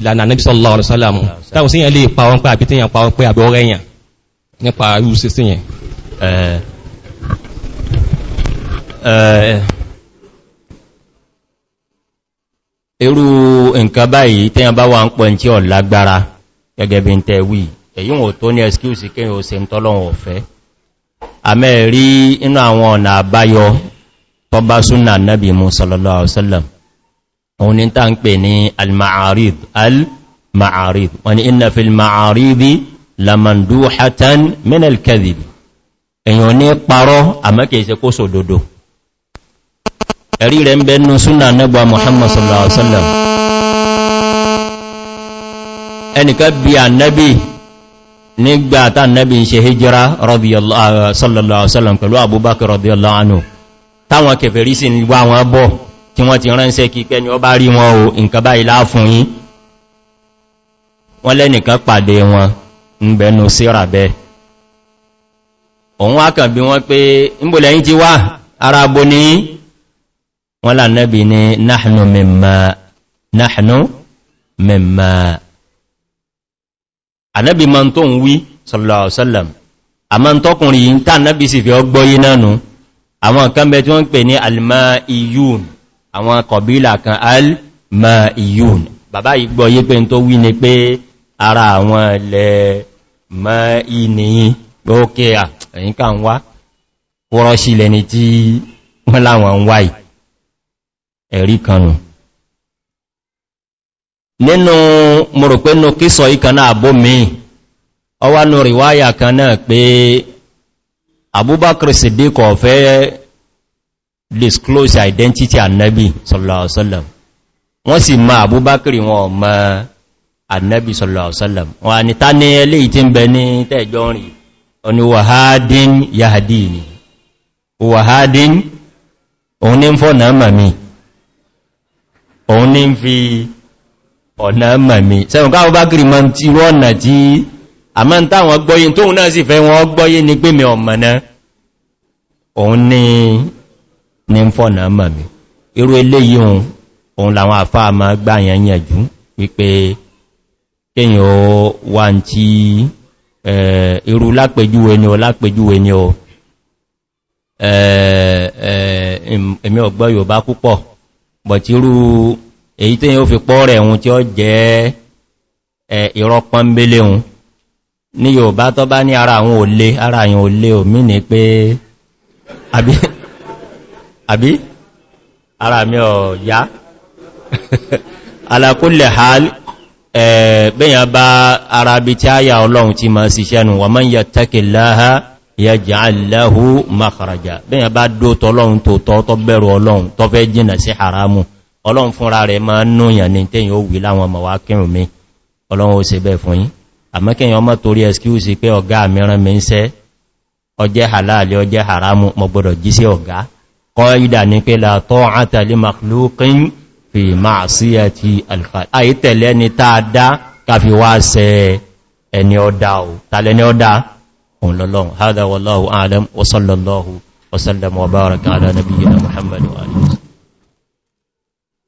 ìlànà níbi sallallahu alaihi wasallam ẹ̀dàkùn sí yẹn lè parọ́ pé àbí tí yẹn parọ́ pé àbí ọ̀rẹ́ yẹn nípa irú sí yẹn irú nǹkan báyìí tí a bá wà ń pọ̀ tí ọ lágbára gẹ́gẹ́ bí n tẹ̀wì èyí wọn tó ní ẹ̀skúsì kí o se ń tọ́lọ́wọ̀n ọ̀fẹ́ àmẹ́rí inú àwọn ọ̀nà àbáyọ tọba súnà náàbì mú sallallahu alaihi wasallam òun ni ta ẹ̀rí rẹ̀ ń bẹ́nu súnà nẹ́gbà Muhammad sallallahu alaihi wasallam ẹnìkan bí annabi nígbà tá annabi ń ṣe hijira uh, sallallahu alaihi wasallam pẹ̀lú Abubakar radiyallahu anhu táwọn kèfèrí sí wá wọn bọ̀ tí wọ́n ti ránṣẹ́ kí pẹ́ni ọ bá rí wọn o nǹkan báyìí láàfún yín wọ́n lẹ́nìkan pàdé wọn ń ara bo wọ́n lànẹ́bì ní náhnu mimma náhnu mimma ànẹ́bì ma tó ń wí sallallahu alaihi wasallam a ma ń tọ́kùnrin yìí tá ànẹ́bì sì fi ọgbọ́ yí nánu àwọn kan bẹ tí wọ́n pè ní almaiyun àwọn kọ̀bílà kan almaiyun bàbá ìgbọ́ yí pé tó wí ni pé ara àwọn ilẹ̀ maiyun gbókè à ẹ̀yìn kan wá wọ́rọ̀ ẹ̀rí kanù nínú mọ̀rọ̀pẹ́nu kí sọ ìkaná àbómi ọwánú ríwáyà kan náà pé abubakar siddiq ọ̀fẹ́ disclose identity annabi sallallahu alaihi wasallam wọ́n sì ma abubakar wọn ma annabi sallallahu alaihi wasallam wọn ni ta ní ẹlé ìtí ń bẹ ní òun ní ń fọ́nà mami òun ní ń fi ọ̀nà mẹ̀mí sẹ́wọ̀n káwọn bá kiri mọ́n tí wọ́n nà tí a máa ń táwọn gbọ́yé tóun náà sì fẹ́ wọn gbọ́yé ní pé mi ọmọ náà òun ní ní fọ́nà mẹ̀mí irú eléyìí òun èmi ọ̀gbọ́ yóò púpọ̀ bọ̀tírú èyí tí yíó fi pọ́ rẹ̀ ohun tí ó jẹ́ ìrọpọ̀ mbélé ohun ní Yorùbá tó bá ní ara àwọn olè ara àyàn olè omi ní pé àbí ara mi ò yá alákúnlẹ̀ hal bẹ́yàn bá ara bí tí a yà ọlọ́run ti ma ṣiṣẹ́nu wà mọ́ yà takìláha yaj'al lahu makhraja bẹ́yàn bá dó tọ́lọ́run tó tọ́ tọ́ bẹ̀rù ọlọ́run tọ́ fẹ́ jìnà sí haramu ọlọ́run fúnra rẹ̀ ma ń núyàn ní tẹ́yìn ó wí láwọn mọ̀wá kírùn mi ọlọ́run ó ṣe bẹ́ fún yín àmọ́kẹ́yìn ọmọ torí ẹskíwùsí pé ọ̀gá mìíràn mi ń sẹ́ ọjẹ́ halali ọjẹ́ haramu mo gbọ́dọ̀ jí sí ọ̀gá kọ́ ìdà ní pé la ta'ata li makhluqin fi ma'siyati al-khaliq àìtẹ̀lẹ́ni tàádá káfíwá sẹ ẹni ọdá ò tàlẹ́ni ọdá قول الله هذا والله أعلم وصلى الله وسلم وبارك على نبينا محمد وآله